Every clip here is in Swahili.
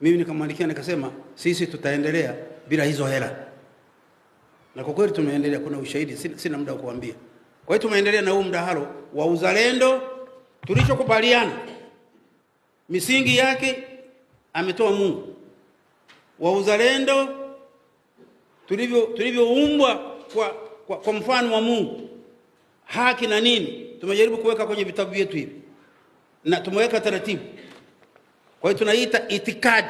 Mimi nikamwandikia nikasema sisi tutaendelea bila hizo hela, na kwa kweli tumeendelea. Kuna ushahidi, sina, muda wa kuambia. Kwa hiyo tumeendelea na huu mdahalo wa uzalendo tulichokubaliana, misingi yake ametoa Mungu wa uzalendo tulivyo tulivyoumbwa kwa, kwa, kwa mfano wa Mungu, haki na nini, tumejaribu kuweka kwenye vitabu vyetu hivi na tumeweka taratibu. Kwa hiyo tunaiita itikadi.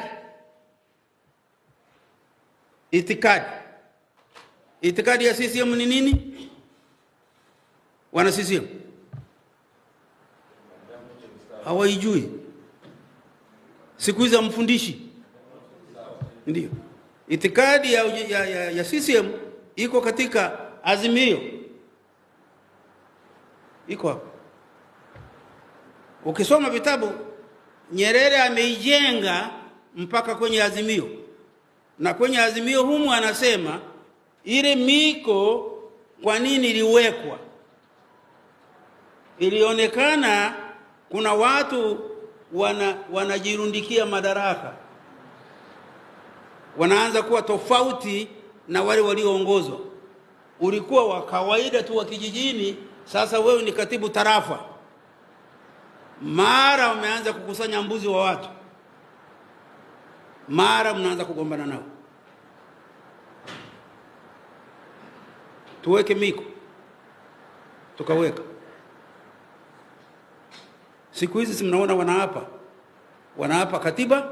Itikadi, itikadi ya CCM ni nini? Wana CCM hawaijui, siku hizi amfundishi. Ndio itikadi ya, ya, ya, ya CCM iko katika azimio, iko hapo. Ukisoma vitabu Nyerere ameijenga mpaka kwenye azimio, na kwenye azimio humu anasema ile miko kwa nini iliwekwa? Ilionekana kuna watu wana, wanajirundikia madaraka, wanaanza kuwa tofauti na wale walioongozwa. Ulikuwa wa kawaida tu wa kijijini, sasa wewe ni katibu tarafa mara wameanza kukusanya mbuzi wa watu, mara mnaanza kugombana nao. Tuweke miko, tukaweka. Siku hizi si mnaona wanaapa, wanaapa katiba,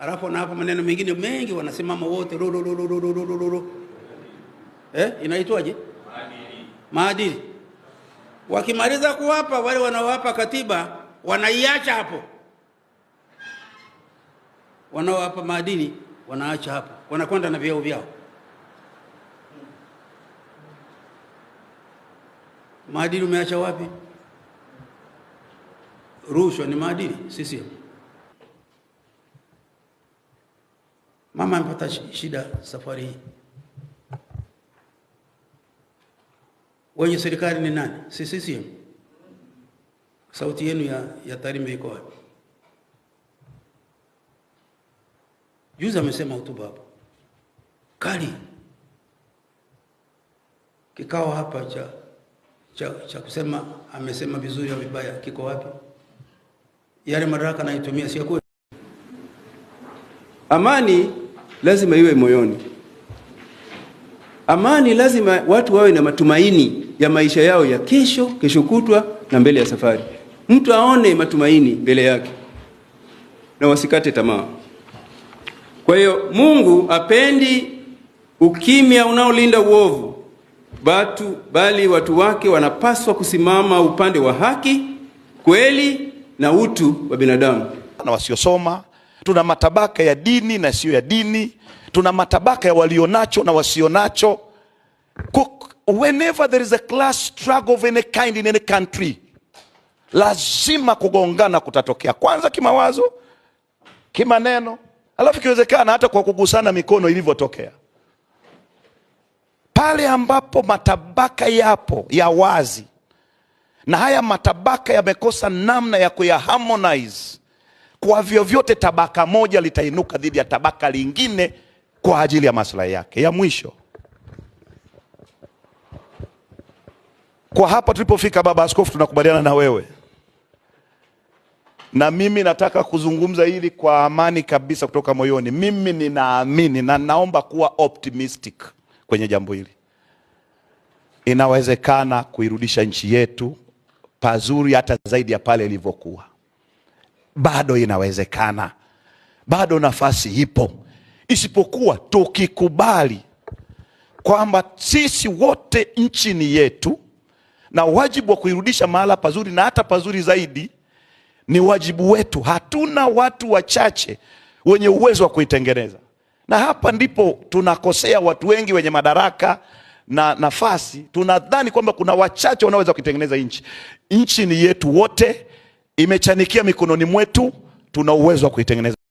alafu wanaapa maneno mengine mengi, wanasimama wote ro ro ro ro ro ro ro, eh, inaitwaje? Maadili, maadili. Wakimaliza kuapa, wale wanaoapa katiba wanaiacha hapo, wanaowapa madini wanaacha hapo, wanakwenda na vyeo vyao. Madini umeacha wapi? Rushwa ni madini? Sisi mama amepata shida safari hii. Wenye serikali ni nani? Si sisi Sauti yenu ya, ya Tarime iko wapi? Juzi amesema hotuba hapo kali, kikao hapa cha, cha, cha kusema amesema vizuri au vibaya kiko wapi? Yale madaraka anaitumia si kweli. Amani lazima iwe moyoni. Amani lazima watu wawe na matumaini ya maisha yao ya kesho, kesho kutwa na mbele ya safari mtu aone matumaini mbele yake na wasikate tamaa. Kwa hiyo Mungu apendi ukimya unaolinda uovu batu, bali watu wake wanapaswa kusimama upande wa haki, kweli na utu wa binadamu. Na wasiosoma, tuna matabaka ya dini na siyo ya dini, tuna matabaka ya walionacho na wasionacho. Whenever there is a class struggle of any kind in any country lazima kugongana kutatokea, kwanza kimawazo, kimaneno, alafu ikiwezekana hata kwa kugusana mikono ilivyotokea pale ambapo matabaka yapo ya wazi na haya matabaka yamekosa namna ya kuyaharmonize kwa vyovyote, tabaka moja litainuka dhidi ya tabaka lingine kwa ajili ya maslahi yake. Ya mwisho kwa hapa tulipofika, Baba Askofu, tunakubaliana na wewe na mimi nataka kuzungumza hili kwa amani kabisa kutoka moyoni. Mimi ninaamini na naomba kuwa optimistic kwenye jambo hili. Inawezekana kuirudisha nchi yetu pazuri hata zaidi ya pale ilivyokuwa. Bado inawezekana, bado nafasi ipo, isipokuwa tukikubali kwamba sisi wote nchi ni yetu, na wajibu wa kuirudisha mahala pazuri na hata pazuri zaidi ni wajibu wetu. Hatuna watu wachache wenye uwezo wa kuitengeneza, na hapa ndipo tunakosea watu wengi wenye madaraka na nafasi. Tunadhani kwamba kuna wachache wanaoweza kuitengeneza nchi. Nchi ni yetu wote, imechanikia mikononi mwetu, tuna uwezo wa kuitengeneza.